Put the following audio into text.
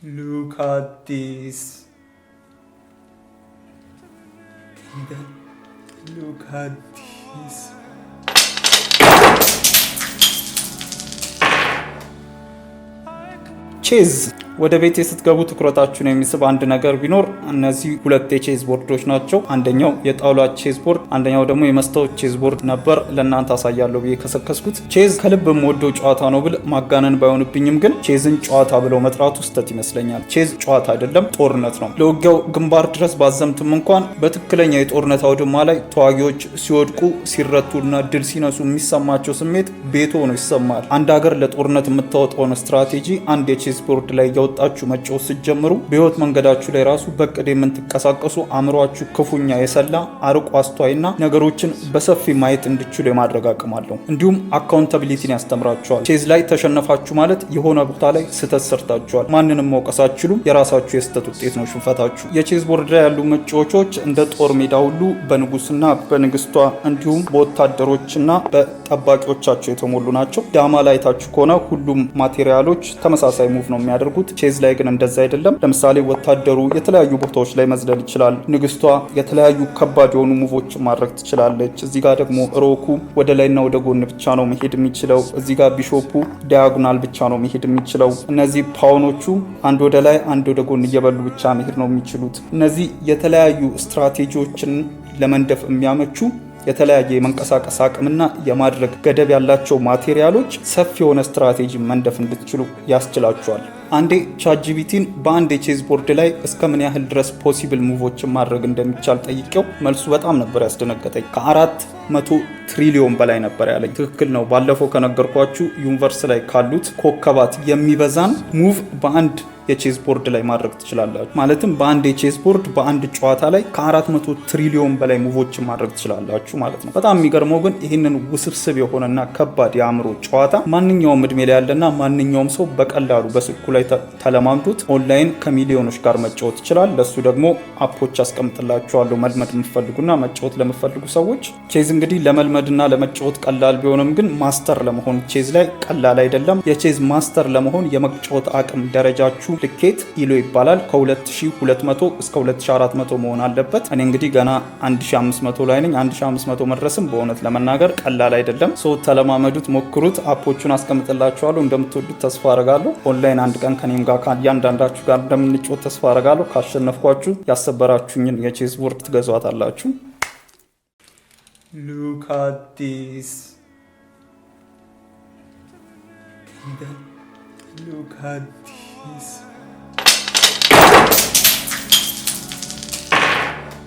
Look at this. Look at this. Cheers. ወደ ቤቴ ስትገቡ ትኩረታችሁን የሚስብ አንድ ነገር ቢኖር እነዚህ ሁለት የቼዝ ቦርዶች ናቸው። አንደኛው የጣውላ ቼዝ ቦርድ፣ አንደኛው ደግሞ የመስታወት ቼዝ ቦርድ ነበር ለእናንተ አሳያለሁ ብዬ ከሰከስኩት። ቼዝ ከልብ የምወደው ጨዋታ ነው ብል ማጋነን ባይሆንብኝም ግን ቼዝን ጨዋታ ብለው መጥራቱ ስህተት ይመስለኛል። ቼዝ ጨዋታ አይደለም፣ ጦርነት ነው። ለውጊያው ግንባር ድረስ ባዘምትም እንኳን በትክክለኛ የጦርነት አውድማ ላይ ተዋጊዎች ሲወድቁ ሲረቱና ድል ሲነሱ የሚሰማቸው ስሜት ቤቶ ነው ይሰማል። አንድ ሀገር ለጦርነት የምታወጣውን ስትራቴጂ አንድ የቼዝ ቦርድ ላይ ያው እየወጣችሁ መጫወት ስትጀምሩ በህይወት መንገዳችሁ ላይ ራሱ በቅድ የምትንቀሳቀሱ አእምሯችሁ ክፉኛ የሰላ አርቆ አስተዋይና ነገሮችን በሰፊ ማየት እንድችሉ የማድረግ አቅም አለው። እንዲሁም አካውንታቢሊቲን ያስተምራችኋል። ቼዝ ላይ ተሸነፋችሁ ማለት የሆነ ቦታ ላይ ስህተት ሰርታችኋል። ማንንም መውቀስ አችሉም የራሳችሁ የስህተት ውጤት ነው ሽንፈታችሁ። የቼዝ ቦርድ ላይ ያሉ መጫወቾች እንደ ጦር ሜዳ ሁሉ በንጉስና በንግስቷ እንዲሁም በወታደሮችና በጠባቂዎቻቸው የተሞሉ ናቸው። ዳማ ላይታችሁ ከሆነ ሁሉም ማቴሪያሎች ተመሳሳይ ሙቭ ነው የሚያደርጉት። ቼዝ ላይ ግን እንደዛ አይደለም። ለምሳሌ ወታደሩ የተለያዩ ቦታዎች ላይ መዝለል ይችላል። ንግስቷ የተለያዩ ከባድ የሆኑ ሙቮች ማድረግ ትችላለች። እዚህ ጋር ደግሞ ሮኩ ወደ ላይና ወደ ጎን ብቻ ነው መሄድ የሚችለው። እዚህ ጋር ቢሾፑ ዳያጎናል ብቻ ነው መሄድ የሚችለው። እነዚህ ፓውኖቹ አንድ ወደ ላይ አንድ ወደ ጎን እየበሉ ብቻ መሄድ ነው የሚችሉት። እነዚህ የተለያዩ ስትራቴጂዎችን ለመንደፍ የሚያመቹ የተለያየ የመንቀሳቀስ አቅምና የማድረግ ገደብ ያላቸው ማቴሪያሎች ሰፊ የሆነ ስትራቴጂ መንደፍ እንድትችሉ ያስችላቸዋል። አንዴ ቻጂቢቲን በአንድ የቼዝ ቦርድ ላይ እስከ ምን ያህል ድረስ ፖሲብል ሙቮችን ማድረግ እንደሚቻል ጠይቄው መልሱ በጣም ነበር ያስደነገጠኝ። ከአራት መቶ ትሪሊዮን በላይ ነበር ያለኝ። ትክክል ነው። ባለፈው ከነገርኳችሁ ዩኒቨርስ ላይ ካሉት ኮከባት የሚበዛን ሙቭ በአንድ የቼዝ ቦርድ ላይ ማድረግ ትችላላችሁ። ማለትም በአንድ የቼዝ ቦርድ በአንድ ጨዋታ ላይ ከ400 ትሪሊዮን በላይ ሙቮችን ማድረግ ትችላላችሁ ማለት ነው። በጣም የሚገርመው ግን ይህንን ውስብስብ የሆነና ከባድ የአእምሮ ጨዋታ ማንኛውም እድሜ ላይ ያለና ማንኛውም ሰው በቀላሉ በስልኩ ላይ ተለማምዶት ኦንላይን ከሚሊዮኖች ጋር መጫወት ይችላል። ለሱ ደግሞ አፖች አስቀምጥላችኋለሁ መልመድ የምፈልጉና መጫወት ለምፈልጉ ሰዎች። ቼዝ እንግዲህ ለመልመድና ለመጫወት ቀላል ቢሆንም ግን ማስተር ለመሆን ቼዝ ላይ ቀላል አይደለም። የቼዝ ማስተር ለመሆን የመጫወት አቅም ደረጃችሁ ልኬት ኢሎ ይባላል። ከ2200 እስከ 2400 መሆን አለበት። እኔ እንግዲህ ገና 1500 ላይ ነኝ። 1500 መድረስም በእውነት ለመናገር ቀላል አይደለም። ሶ ተለማመዱት፣ ሞክሩት። አፖቹን አስቀምጥላችኋለሁ። እንደምትወዱት ተስፋ አረጋለሁ። ኦንላይን አንድ ቀን ከኔም ጋር ከእያንዳንዳችሁ ጋር እንደምንጮት ተስፋ አረጋለሁ። ካሸነፍኳችሁ ያሰበራችሁኝን የቼዝ ቦርድ ትገዟታላችሁ። ሉካዲስ ሉካዲስ Peace.